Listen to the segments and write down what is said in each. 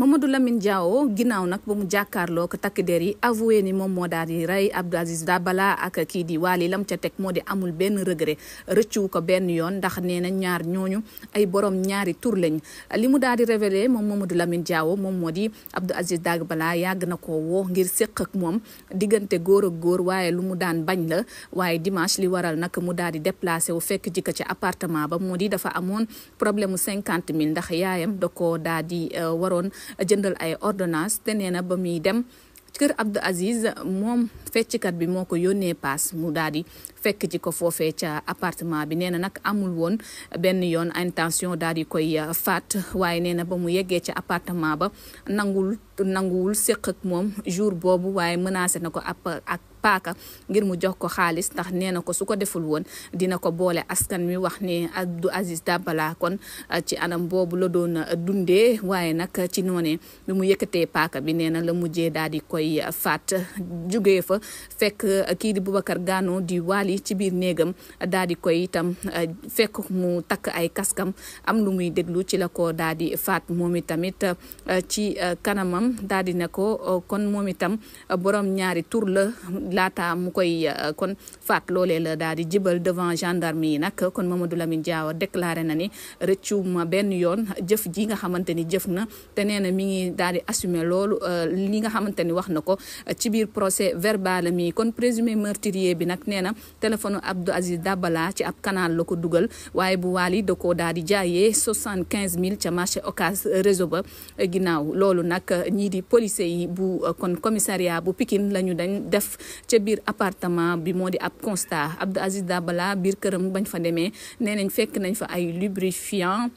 ma Mamadou Lamine Diawo ginnaaw nag ba mu jàkkaarloo ko takk der yi avoué ni moom moo daal di rey Abdou Aziz Dabala ak kii di Waly lam ca teg moo di amul benn regret rëccu ko benn yoon ndax nee na ñaar ñooñu ay borom ñaari tur lañ li mu daal di révélé moom Mamadou Lamine Diawo moom moo di Abdou Aziz balaa yàgg na ko woo ngir séq ak moom diggante góor ak góor waaye lu mu daan bañ la waaye dimanche li waral nag mu daal di déplacé wu fekk jikka ci appartement ba moo di dafa amoon problème mu cinquante mille ndax yaayam da koo daal di euh, waroon jëndal ay ordonnance te nee na ba muy dem kër Abdou Aziz moom fecckat bi moo ko yónnee paas mu daal di fekk ci ko foofee ca appartement bi nee na nag amul woon benn yoon intention daal di koy uh, faat waaye nee na ba mu yeggee ca appartement ba nangul nanguwul séq moom jour boobu waaye menacé na ko ab paaka ngir mu jox ko xaalis ndax nee na ko su ko deful woon dina ko boole askan mi wax ne Abdou Aziz Dabala kon uh, ci anam boobu la doon uh, dundee waaye nag uh, ci noonee lu mu yëkkatee paaka bi nee na la mujjee daal koy faat jugee fa fekk kii di Boubacar Gano di Wali ci biir néegam daal di koy itam fekk mu takk ay kaskam am lu muy déglu ci la ko daal faat moom itamit ci kanamam daal di ne ko kon moom itam borom ñaari tur la. laata mu koy euh, kon faat loolee la daal di jibal devant gendarme yi nag kon Mamadou Lamine Diawa déclaré na ni rëccu ma benn yoon jëf ji nga xamante ni jëf na te nee na mi ngi daal di assumer loolu euh, li nga xamante ni wax na ko ci biir procès verbal mii kon présumé meurtrier bi nag nee na téléphone Abdou Aziz Dabala ci ab canal la ko dugal waaye bu waali da ko daal di jaayee soixante quinze mille ca marché Ocass réseau ba ginnaaw loolu nag euh, ñii di policier yi bu kon commissariat bu Pikine la ñu dañ def ca biir appartement bi moo di ab constat Abdou Aziz bala biir këram bañ fa demee nee nañ fekk nañ fa ay lubrifiant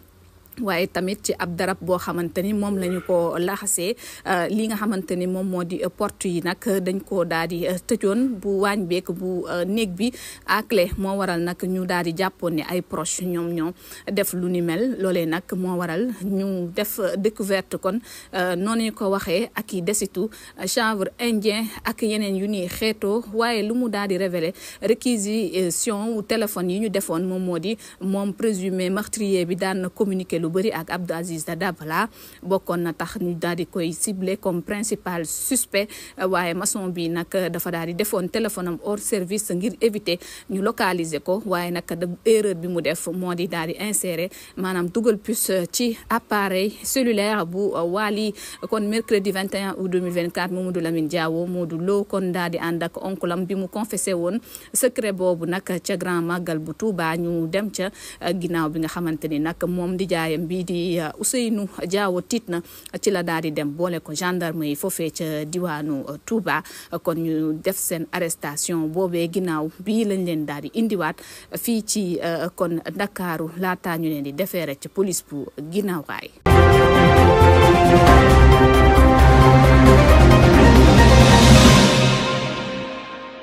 waaye tamit ci ab darab boo xamante ni moom lañu ko laxasee euh, li nga xamante ni moom moo di porte yi nag dañ ko daal di euh, tëjoon bu waañ beek bu euh, néeg bi à moo waral nag ñu daal di jàppoon ni ay proche ñoom ñoom def lu ni mel loole nag moo waral ñu def découverte kon noonu ñu ko waxee ak i desitu chanvre indien ak yeneen yu ni xeetoo waaye lu mu daal di révélé réquisition téléphone yi ñu defoon moom moo di moom présumé meurtrier bi daan communiqué lu bëri ak Abdou Aziz Dabala bokkoon na tax ñu daal di koy ciblé comme principal suspect waaye mason bi nag dafa daal di defoon téléphone am or service ngir éviter ñu localiser ko waaye nag erreur bi mu def moo di daal di insérer maanaam dugal puce ci appareil cellulaire bu Wally kon mercredi 21 août 2024 Mamadou Lamine Diawo Modou Lo kon daal di ànd ak onkulam bi mu confessé woon secret boobu nag ca grand màggal bu Touba ñu dem ca ginnaaw bi nga xamante nijaayam bii di uh, Ousseynou Diawo tiit na ci la daal di dem boole ko gendarme yi foofee ca diwaanu uh, Touba kon ñu def seen arrestation boobee ginnaaw bii lañ leen daal di indiwaat fii ci uh, kon Ndakaaru laataa ñu leen di defeere ci police bu ginnaaw raay